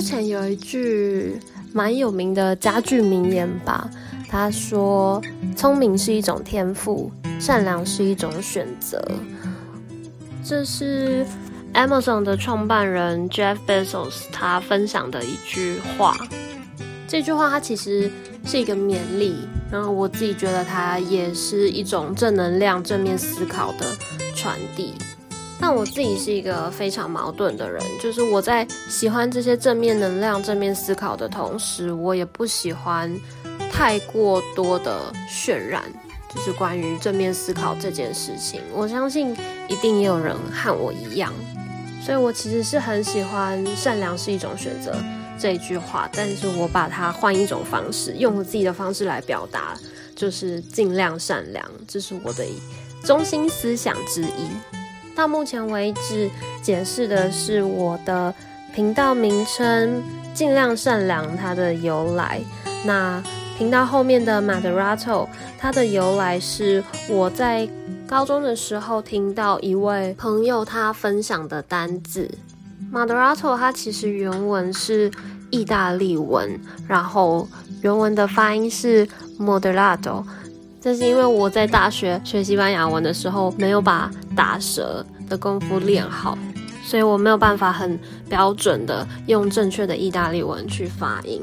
之前有一句蠻有名的佳句名言吧，他說：“聰明是一種天賦，善良是一種選擇。”這是 Amazon 的創辦人 Jeff Bezos 他分享的一句話。這句話他其實是一個勉勵，然後我自己覺得它也是一種正能量、正面思考的傳遞。但我自己是一個非常矛盾的人，就是我在喜歡這些正面能量、正面思考的同時，我也不喜歡太過多的渲染，就是關於正面思考這件事情。我相信一定也有人和我一樣，所以我其實是很喜歡“善良是一種選擇”這一句話，但是我把它換一種方式，用自己的方式來表達，就是盡量善良，這是我的中心思想之一。到目前為止，解釋的是我的頻道名稱“盡量善良”它的由來。那頻道後面的 “Moderato”，它的由來是我在高中的時候聽到一位朋友他分享的單字 “Moderato”。它其實原文是意大利文，然後原文的發音是 “moderato”，這是因為我在大學學西班牙文的時候沒有把打舌。的功夫練好，所以我沒有辦法很標準的用正確的意大利文去發音。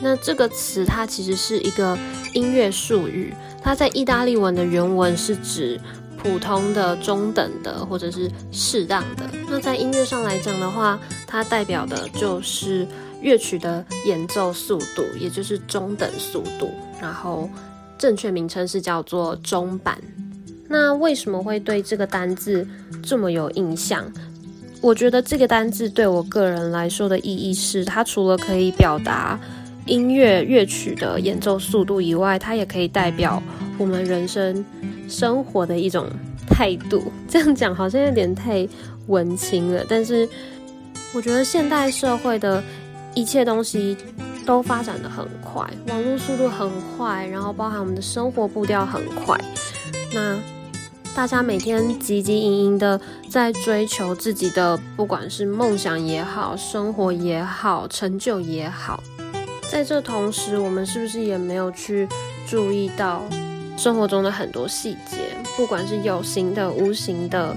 那這個詞它其實是一個音樂術語，它在意大利文的原文是指普通的、中等的或者是適當的。那在音樂上來講的話，它代表的就是樂曲的演奏速度，也就是中等速度。然後正確名稱是叫做中板。那為什麼會對這個單字這麼有印象？我覺得這個單字對我個人來說的意義是，它除了可以表達音樂樂曲的演奏速度以外，它也可以代表我們人生生活的一種態度。這樣講好像有點太文青了，但是我覺得現代社會的一切東西都發展得很快，網絡速度很快，然後包含我們的生活步調很快。那大家每天汲汲營營的在追求自己的，不管是夢想也好，生活也好，成就也好。在這同時，我們是不是也沒有去注意到生活中的很多細節，不管是有形的、無形的，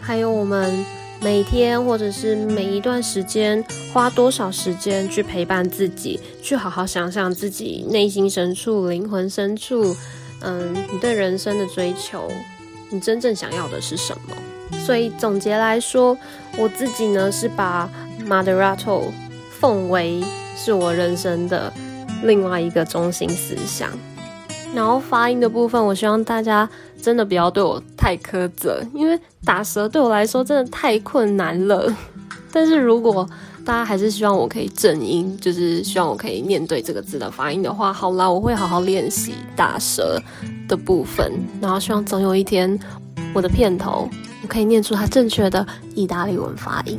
還有我們每天或者是每一段時間花多少時間去陪伴自己，去好好想想自己內心深處、靈魂深處，嗯，你對人生的追求。你真正想要的是什麼？所以總結來說，我自己呢，是把 Moderato 奉為是我人生的另外一個中心思想。然後發音的部分，我希望大家真的不要對我太苛責，因為打舌對我來說真的太困難了。但是如果大家還是希望我可以正音，就是希望我可以念對這個字的發音的話，好啦，我會好好練習大舌的部分，然後希望總有一天，我的片頭我可以念出它正確的意大利文發音。